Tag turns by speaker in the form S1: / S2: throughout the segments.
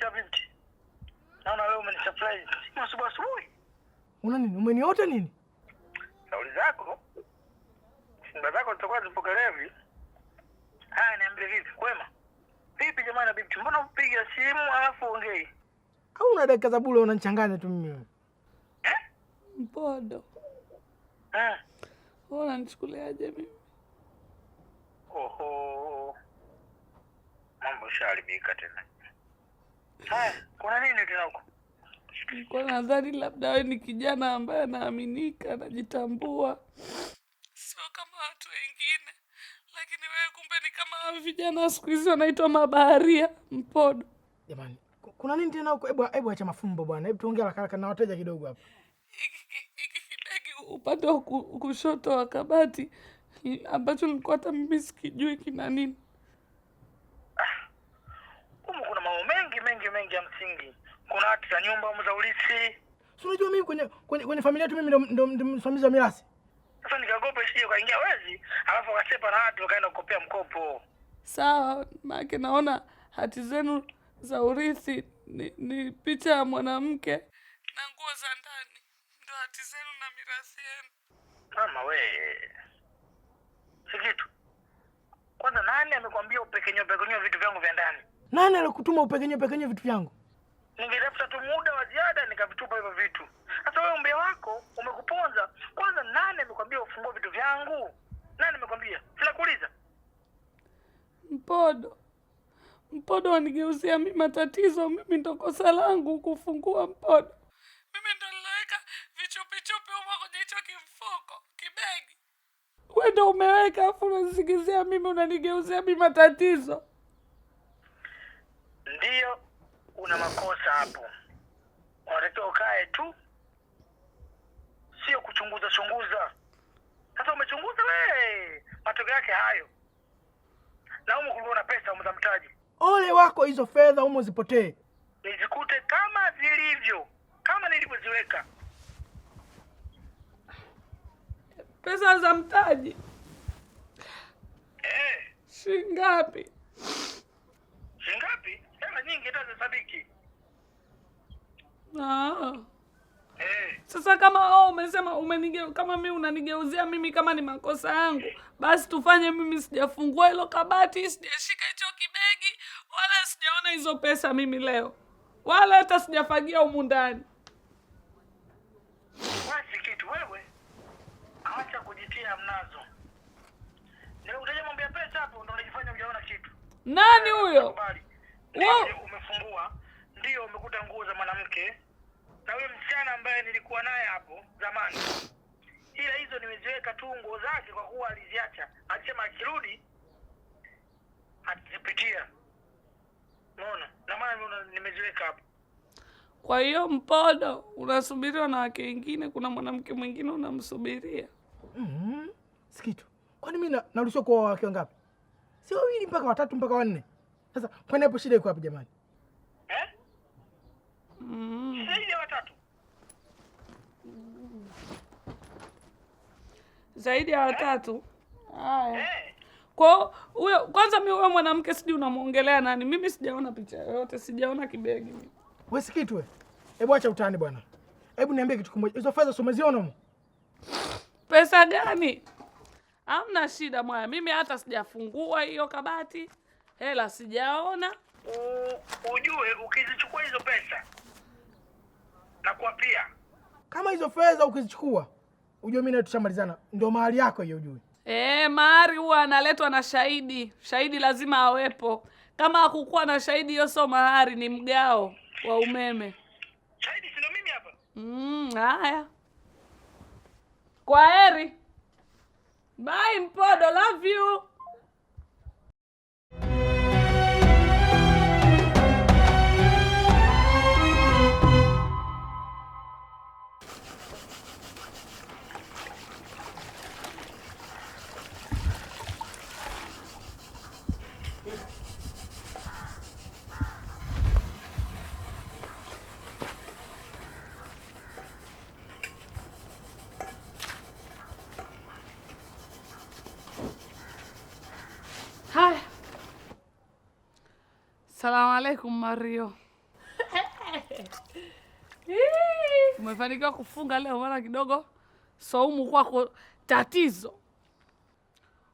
S1: umenita binti, naona wewe umenisurprise asubuhi asubuhi.
S2: Una nini? Umeniota nini?
S1: Kauli zako simba zako zitakuwa zipokelevi. Haya, niambie, vipi? Kwema vipi jamani? Na binti, mbona upiga simu alafu ongei?
S2: Au una dakika za bure unanichanganya tu
S1: mimi eh?
S3: Mpodo eh, unanichukuliaje mimi?
S1: Oho, mambo shaharibika tena kuna nini tena huko?
S3: Nilikuwa nadhani labda wewe ni kijana ambaye anaaminika, anajitambua, sio kama watu wengine, lakini wewe kumbe ni kama vijana siku hizi wanaitwa mabaharia
S2: mpodo. Jamani, kuna nini tena huko? Hebu hebu acha mafumbo bwana, hebu tuongee haraka haraka na wateja kidogo hapa.
S3: Hiki kidegi upande wa kushoto wa kabati ambacho nilikuwa hata mimi sikijui kina
S1: nini kunaki za nyumba au za urithi.
S2: Si unajua mimi kwenye kwenye, kwenye familia yetu mimi ndo ndo msimamizi wa mirathi.
S1: Sasa nikaogopa isije kaingia wezi, alafu akasepa na watu wakaenda kukopea mkopo.
S3: Sawa, maana naona hati zenu za urithi ni, ni picha ya mwanamke na nguo za ndani ndo hati zenu na mirathi yenu.
S1: Mama we, si kitu kwanza. Nani amekwambia upekenyo pekenyo vitu vyangu vya
S2: ndani? Nani alikutuma upekenyo pekenyo vitu
S1: vyangu? ningetafuta tu muda wa ziada nikavitupa hivyo vitu. Sasa wewe umbe wako umekuponza kwanza. Nani amekwambia ufungue vitu vyangu? Nani amekwambia? Sinakuuliza
S3: Mpodo. Mpodo wanigeuzia mi matatizo, mimi ndokosa langu kufungua Mpodo. Mimi ndo vichupichupi uma kwenye hicho kimfuko kibegi, we ndo umeweka, afu unasingizia mimi, unanigeuzia mi matatizo.
S1: Ndiyo kuna makosa hapo, unatakiwa ukae tu, sio kuchunguza chunguza. Sasa umechunguza wewe, matokeo yake hayo, na umu kulikuwa na pesa umu za mtaji.
S2: Ole wako hizo fedha umu zipotee,
S1: nizikute kama zilivyo, kama nilivyoziweka
S3: pesa za mtaji eh, Shingapi? ngapi?
S1: za zasabiki. Ah. Hey. Eh.
S3: Sasa kama wewe umesema umenige kama mimi unanigeuzia mimi kama ni makosa yangu, basi tufanye mimi sijafungua hilo kabati, sijashika hicho kibegi, wala sijaona hizo pesa mimi leo, wala hata sijafagia humu ndani.
S1: Basi kitu wewe, acha kujitia mnazo. Leo utaje mambo pesa hapo, ndio unajifanya hujaona kitu.
S3: Nani huyo?
S1: Umefungua ndio umekuta nguo za mwanamke na huyo msichana ambaye nilikuwa naye hapo zamani, ila hizo nimeziweka tu nguo zake, kwa kuwa aliziacha, alisema akirudi atazipitia. mona na maana nimeziweka hapo.
S3: Kwa hiyo Mpodo unasubiriwa na wake wengine, kuna mwanamke mwingine unamsubiria?
S2: mm -hmm. Sikitu, kwani mi naruhusiwa kuwa wake wangapi? si wawili mpaka watatu mpaka wanne sasa kwani hapo shida iko wapi jamani?
S3: Eh? Mm. Shida watatu. Mm. Zaidi ya eh? watatu. Haya. Eh? Kwa huyo kwanza mimi huyo mwanamke sijui unamwongelea nani? Mimi sijaona picha yoyote, sijaona kibegi mimi.
S2: Wewe sikitwe. Hebu acha utani bwana. Hebu niambie kitu kimoja. Hizo fedha umeziona?
S3: Pesa gani? Hamna shida mwaya. Mimi hata sijafungua hiyo kabati hela sijaona.
S1: Ujue ukizichukua hizo pesa na
S2: kuapia kama hizo fedha ukizichukua, ujue mimi na tushamalizana, ndio mahari yako hiyo ujue.
S3: E, eh, mahari huwa analetwa na shahidi. Shahidi lazima awepo. Kama hakukuwa na shahidi, hiyo sio mahari, ni mgao wa
S1: umeme. Shahidi sio mimi hapa?
S3: Mm, haya, kwa heri, bye. Mpodo, love you. Salamu alaikum Mario. Umefanikiwa kufunga leo, maana kidogo saumu kwako tatizo.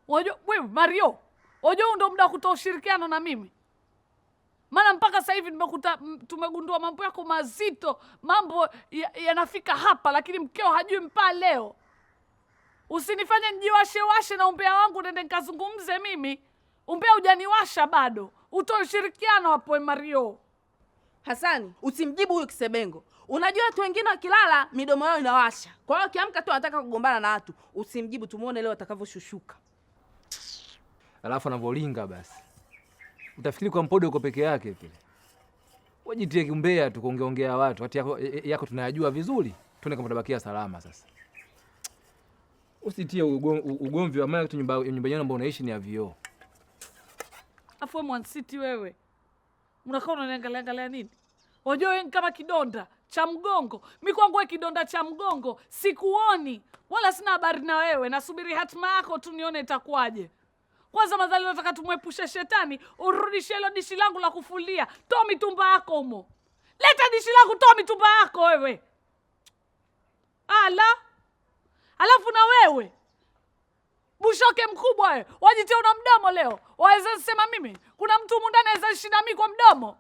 S3: Wajua wewe Mario, wajua ndo muda wa kutoa ushirikiano na mimi, maana mpaka sasa hivi nimekuta tumegundua mambo yako mazito, mambo yanafika ya hapa, lakini mkeo hajui mpaa leo. Usinifanye washe na umbea wangu nende nikazungumze mimi. Umbea hujaniwasha bado utoe ushirikiano hapo Mario.
S4: Hasani, usimjibu huyu kisebengo. Unajua watu wengine wakilala midomo yao inawasha, kwa hiyo akiamka tu anataka kugombana na watu. Usimjibu, tumuone leo atakavyoshushuka.
S5: alafu anavyolinga basi, utafikiri kwa mpodo uko peke yake vile. Wajitie kimbea tu kuongeongea watu, hati yako, e, e, yako tunayajua vizuri, tuone kama utabakia salama. Sasa usitie ugomvi wa maana, nyumba nyumba ambayo unaishi ni ya vioo
S3: afu mwansiti wewe unakuwa unaniangalia nini? Wajua wewe kama kidonda cha mgongo. Mi kwangu kidonda cha mgongo sikuoni, wala sina habari na wewe. Nasubiri hatima yako tu nione itakuwaje. Kwanza madhali nataka tumwepushe shetani, urudishe hilo dishi langu la kufulia. Toa mitumba yako humo, leta dishi langu, to mitumba yako wewe. Ala, alafu na wewe Mwisho mkubwa wewe. Wajitia una mdomo leo. Waweza sema mimi kuna mtu mundani anaweza shinda mimi kwa mdomo.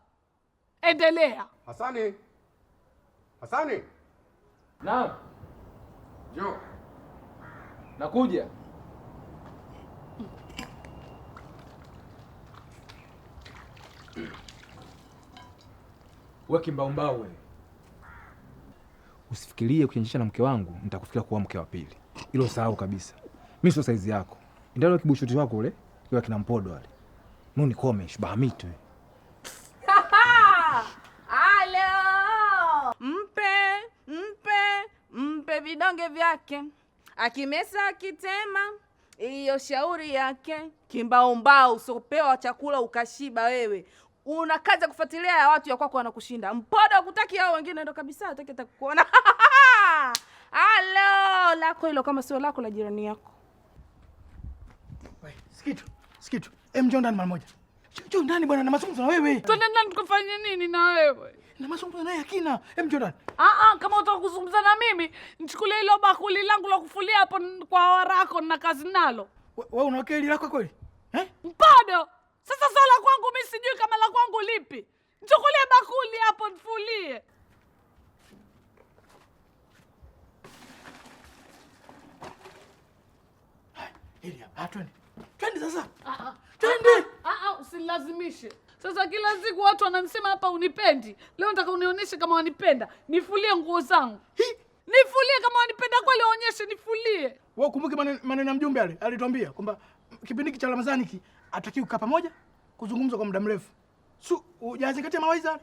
S6: Endelea. Hasani. Hasani. Naam. Jo.
S5: Nakuja. Wewe kimbaumbau wewe. Usifikirie kuchenjesha na mke wangu, nitakufikira kuwa mke wa pili. ilo sahau kabisa. Mimi sio saizi yako. Ndio ile kibushuti wako ule, ile kina mpodo wale. Mimi nikome shubahamitu.
S3: Halo! Mpe, mpe, mpe vidonge vyake. Akimesa akitema, iyo shauri yake. Kimbaumbao usopewa chakula ukashiba wewe. Una kazi ya kufuatilia ya watu ya kwako wanakushinda. Mpodo akutaki hao wengine ndo kabisa hataki atakuona. Halo, lako hilo kama sio lako la jirani
S2: yako. Skitu, Skitu, Hem, njoo ndani mara moja. Njoo ndani bwana, na mazungumzo
S3: na wewe. Twende ndani tukafanye nini na
S2: wewe? Na mazungumzo naye akina. Hem, njoo
S3: ndani. Ah ah, kama utaka kuzungumza na mimi, nichukulie hilo bakuli langu la kufulia hapo kwa warako na kazi
S2: nalo. Wewe unaokea hili lako kweli?
S3: Eh? Mpado. Sasa sio la kwangu mimi, sijui kama la kwangu lipi. Nichukulie bakuli hapo nifulie.
S2: Hili hapa twende. Twende sasa.
S3: Ah, ah. Twende. Ah, Usilazimishe sasa, kila siku watu wananisema hapa unipendi. Leo nataka unionyeshe kama wanipenda, nifulie nguo zangu, nifulie kama wanipenda kweli, waonyeshe,
S2: nifulie. Wewe kumbuke maneno ya mjumbe yale alitwambia kwamba kipindi hiki cha Ramadhani ki atakiwa kukaa pamoja kuzungumza kwa muda mrefu, su ujazingatia mawaidha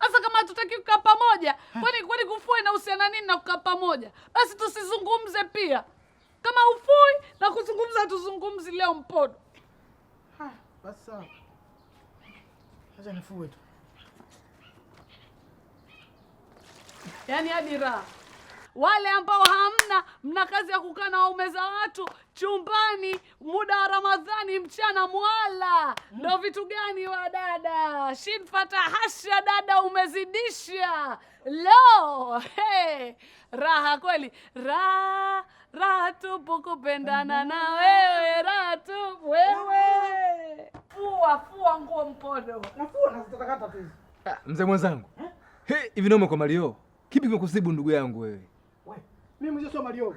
S3: sasa kama hatutaki kukaa pamoja, kwani kwani kufua inahusiana nini na kukaa pamoja? Basi tusizungumze pia. Kama ufui na kuzungumza, tuzungumzi leo mpodo.
S2: Basi sawa, acha nifue tu.
S3: Yaani hadi raha wale ambao hamna, mna kazi ya kukaa na waume za watu chumbani muda wa Ramadhani mchana mwala mm. ndo mm. Vitu gani wa dada shinfata hasha dada, umezidisha leo. Hey, raha kweli raha raha tupu kupendana na wewe, raha tupu wewe. Fua fua nguo tu.
S5: Ah, mzee mwenzangu eh? hivi noma kwa malio. Kipi kimekusibu ndugu yangu wewe?
S2: Mimi mzee sio malio,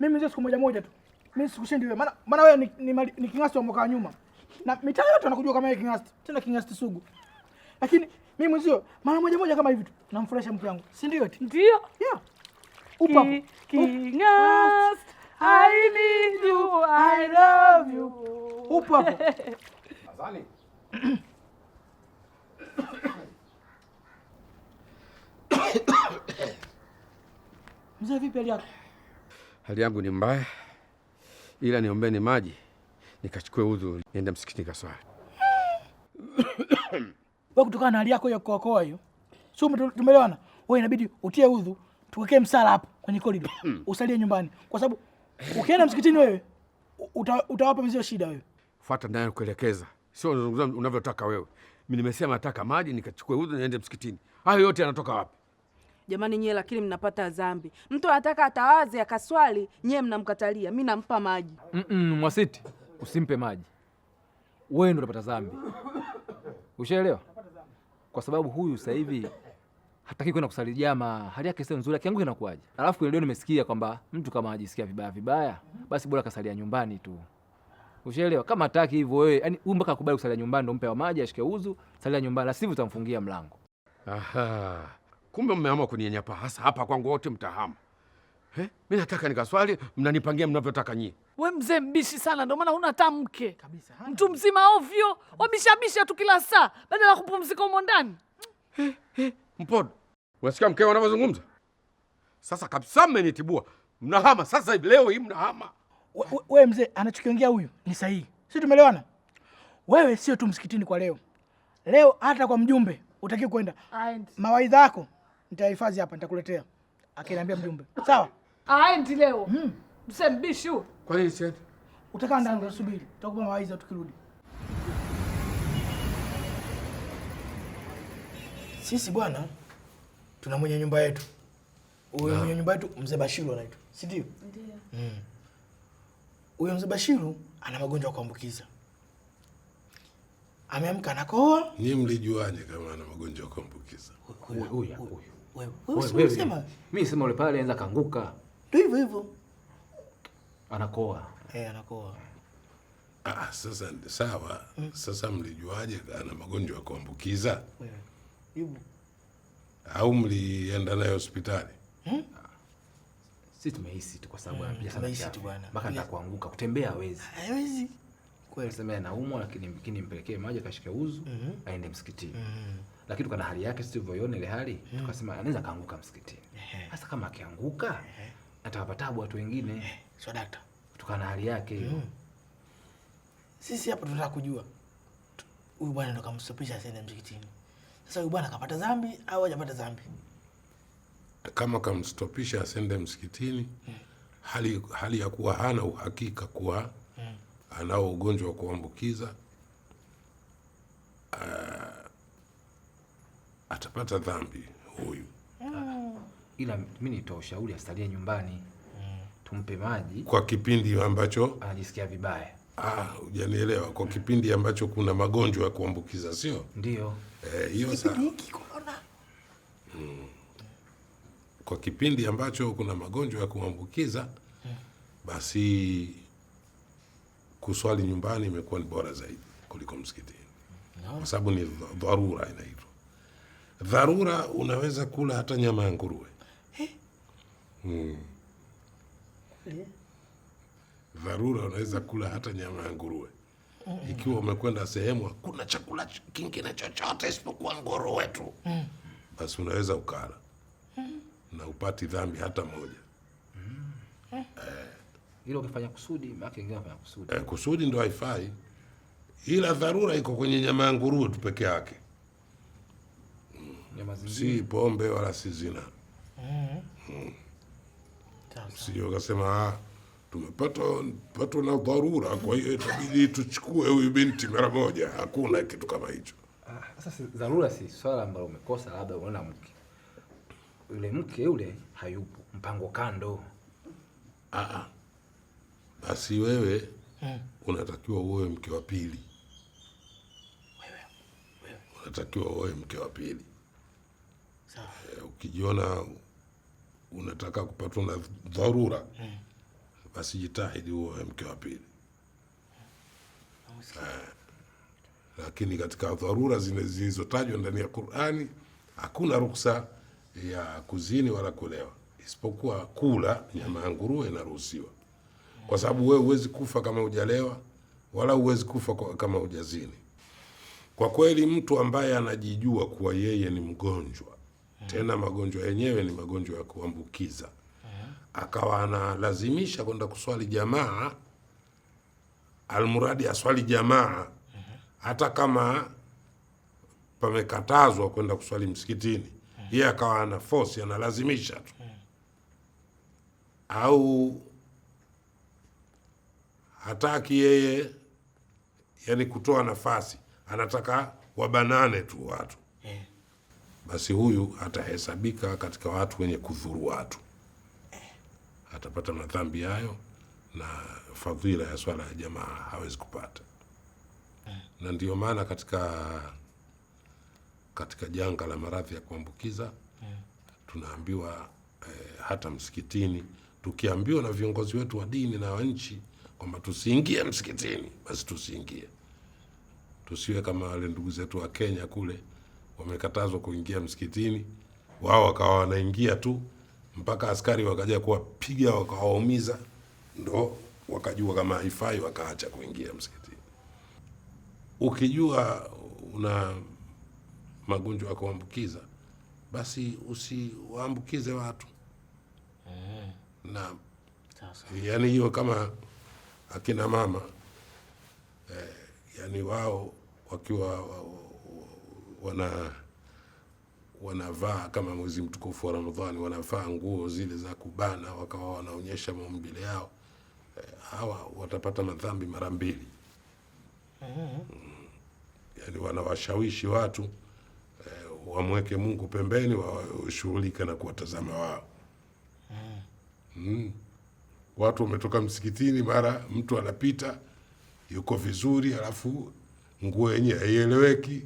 S2: mimi mzee siku moja moja tu, mimi sikushindi wewe, maana maana wewe ni, ni, ni king'asti wa mwaka wa nyuma na mitaa yote wanakujua kama yeye king'asti, tena king'asti sugu, lakini mimi mwenzio mara moja moja kama hivi tu namfurahisha mke wangu, si
S3: ndio? Ndio, yeah. King, King of, I need you, I love
S2: you. Upo hapo. Mzee, vipi hali yako?
S6: Hali yangu ni mbaya, ila niombeni maji nikachukue udhu niende msikiti kaswali.
S2: Wewe kutokana na hali yako ya koakoa hiyo, sio tumelewana? Wewe inabidi utie udhu tuwekee msala hapo kwenye korido hmm. usalie nyumbani, kwa sababu ukienda msikitini wewe uta, utawapa mzio
S6: shida. Wewe fuata naye kuelekeza, sio unavyotaka wewe. Mi nimesema nataka maji nikachukue udhu niende msikitini. Hayo yote yanatoka
S3: wapi jamani? Nyie lakini mnapata dhambi. Mtu anataka atawaze akaswali, nyie mnamkatalia. mi
S5: nampa maji. mm -mm, Mwasiti, usimpe maji, wewe ndo unapata dhambi, ushaelewa? Kwa sababu huyu sasa hivi hataki kwenda kusali jamaa, hali yake sio nzuri, yangu inakuaje? Alafu leo nimesikia kwamba mtu kama ajisikia vibaya vibaya, basi bora kasalia nyumbani tu, ushaelewa? Kama hataki hivyo wewe, yani huyu mpaka akubali kusalia nyumbani, ndo mpe wa maji ashike uzu, salia nyumbani, la sivyo utamfungia
S6: mlango. Aha, kumbe mmeamua kuninyanyapa hasa hapa kwangu, wote mtahama. Eh, mimi nataka nikaswali, mnanipangia mnavyotaka
S3: nyinyi. We mzee mbishi sana, ndio maana huna hata mke kabisa. Mtu mzima ovyo, wamishamisha tu kila saa badala ya kupumzika humo ndani.
S6: Mpodo, unasikia mkeo anavyozungumza sasa? Kabisa mmenitibua, mnahama sasa hivi, leo hii mnahama.
S2: Wewe mzee, anachokiongea huyu ni sahihi, si tumeelewana? Wewe sio tu msikitini kwa leo, leo hata kwa mjumbe utaki kwenda. Mawaidha yako nitahifadhi hapa, nitakuletea akiniambia mjumbe.
S3: Sawa, aendi leo hmm. msembishu.
S6: Kwa nini siendi?
S2: Utakaa ndani, utasubiri, tutakupa mawaidha tukirudi. Sisi bwana tuna mwenye nyumba yetu. Huyo mwenye nyumba yetu mzee Bashiru anaitwa,
S3: si ndio? Ndio.
S2: Mm. Huyo mzee Bashiru ana magonjwa ya kuambukiza. Ameamka anakohoa. Ni
S6: mlijuaje kama ana magonjwa ya kuambukiza?
S2: Wewe sema. Mimi sema ule pale anaanza kanguka. Ndio hivyo hivyo. Anakohoa. Eh, anakohoa.
S6: Ah, sasa sawa. Mm. Sasa mlijuaje ana magonjwa ya kuambukiza? Wewe. Yupo. Au mlienda naye hospitali?
S5: Hmm? Sisi tumehisi tu kwa sababu hmm, anapiga sana kiasi. Mpaka anataka kutembea
S2: hawezi. Hawezi.
S5: Kweli sema anaumwa lakini mkini mpelekee maji akashike uzu, mm -hmm. aende msikitini. Mm -hmm. Lakini tukana hali yake sisi tulivyoiona ile hali, mm -hmm. tukasema anaweza kaanguka msikitini. Sasa kama akianguka, atawapa tabu watu wengine. Sio dakta. na hali yake hiyo. Mm -hmm.
S2: Sisi hapa tunataka kujua. Huyu bwana ndo kamstopisha asiende msikitini. Sasa huyu bwana akapata dhambi au hajapata dhambi?
S6: Kama kamstopisha asende msikitini, hmm. hali, hali ya kuwa hana uhakika kuwa hmm. anao ugonjwa wa kuambukiza uh, atapata dhambi
S5: huyu hmm. Ila mimi nitoa ushauri asalie nyumbani, hmm. tumpe maji
S6: kwa kipindi
S5: ambacho anajisikia
S6: vibaya Ah, hujanielewa kwa kipindi ambacho kuna magonjwa ya
S5: kuambukiza sio? Ndio.
S6: Eh, hiyo sawa. Mm. Kwa kipindi ambacho kuna magonjwa ya kuambukiza eh. basi kuswali nyumbani imekuwa ni bora zaidi kuliko msikitini no. Kwa sababu ni dharura inaitwa dharura, unaweza kula hata nyama ya
S3: nguruwe eh.
S6: mm dharura unaweza kula hata nyama ya nguruwe mm Ikiwa umekwenda sehemu hakuna chakula kingine chochote isipokuwa nguruwe tu mm. Basi unaweza ukala mm. na upati dhambi hata moja
S5: mm. eh.
S6: kusudi, ndo haifai, ila dharura iko kwenye nyama ya nguruwe tu peke yake mm. si pombe wala si zina
S3: mm-hmm.
S6: mm. mm. Msije ukasema ah, tumepata pato la dharura, kwa hiyo itabidi tuchukue huyu binti mara moja. Hakuna kitu kama
S5: hicho. Ah, sasa dharura si swala ambalo umekosa, labda unaona mke yule, mke yule hayupo, mpango kando.
S6: Aa, ah, ah. basi wewe hmm, unatakiwa uoe mke wa pili, unatakiwa uoe mke wa pili. Sawa. E, ukijiona unataka kupatwa na dharura hmm asijitahidi huo mke wa pili eh, Lakini katika dharura zilizotajwa ndani ya Qur'ani hakuna ruksa ya kuzini wala kulewa, isipokuwa kula nyama ya nguruwe inaruhusiwa, kwa sababu wewe huwezi kufa kama hujalewa wala huwezi kufa kama hujazini. Kwa kweli mtu ambaye anajijua kuwa yeye ni mgonjwa, tena magonjwa yenyewe ni magonjwa ya kuambukiza akawa analazimisha kwenda kuswali jamaa, almuradi aswali jamaa hata kama pamekatazwa kwenda kuswali msikitini, yeye akawa ana force analazimisha tu, au hataki yeye, yani kutoa nafasi, anataka wabanane tu watu, eh. basi huyu atahesabika katika watu wenye kudhuru watu atapata madhambi hayo na fadhila ya swala ya jamaa hawezi kupata. Na ndio maana katika katika janga la maradhi ya kuambukiza tunaambiwa eh, hata msikitini tukiambiwa na viongozi wetu wa dini na wa nchi kwamba tusiingie msikitini, basi tusiingie, tusiwe kama wale ndugu zetu wa Kenya kule wamekatazwa kuingia msikitini, wao wakawa wanaingia tu mpaka askari wakaja kuwapiga wakawaumiza, ndo wakajua kama haifai, wakaacha kuingia msikitini. Ukijua una magonjwa ya kuambukiza basi usiwaambukize watu mm. na yani hiyo kama akina mama eh, yani wao wakiwa wana wanavaa kama mwezi mtukufu wa Ramadhani, wanavaa nguo zile za kubana, wakawa wanaonyesha maumbile yao, eh, hawa watapata madhambi mara mbili. Mm-hmm. Yani wanawashawishi watu eh, wamweke Mungu pembeni, washughulika na kuwatazama wao. Mm-hmm. Mm. Watu wametoka msikitini, mara mtu anapita yuko vizuri, alafu nguo yenyewe haieleweki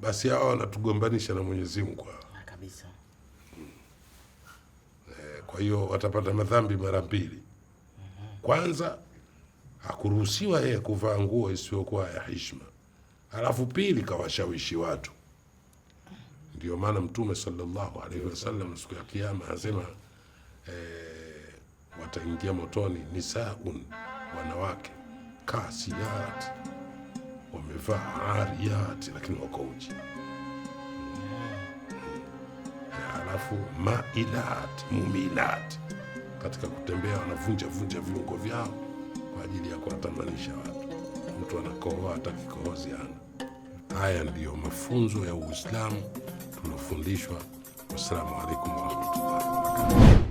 S6: basi hawa wanatugombanisha na Mwenyezi
S5: Mungu ah, kabisa.
S6: Eh, kwa hiyo watapata madhambi mara mbili. Mhm. Kwanza hakuruhusiwa yeye kuvaa nguo isiyokuwa ya heshima, alafu pili kawashawishi watu. Ndio maana Mtume sallallahu alaihi wasallam siku ya Kiyama anasema e, wataingia motoni nisaun, wanawake kasiat wamevaa ariyati lakini wako uchi. Halafu mailati mumilat, katika kutembea wanavunja vunja viungo vyao kwa ajili ya kuwatamanisha watu. Mtu anakohoa hata kikohozi ana. Haya ndiyo mafunzo ya Uislamu tunafundishwa Wassalamu alaikum warahmatullahi wabarakatuh.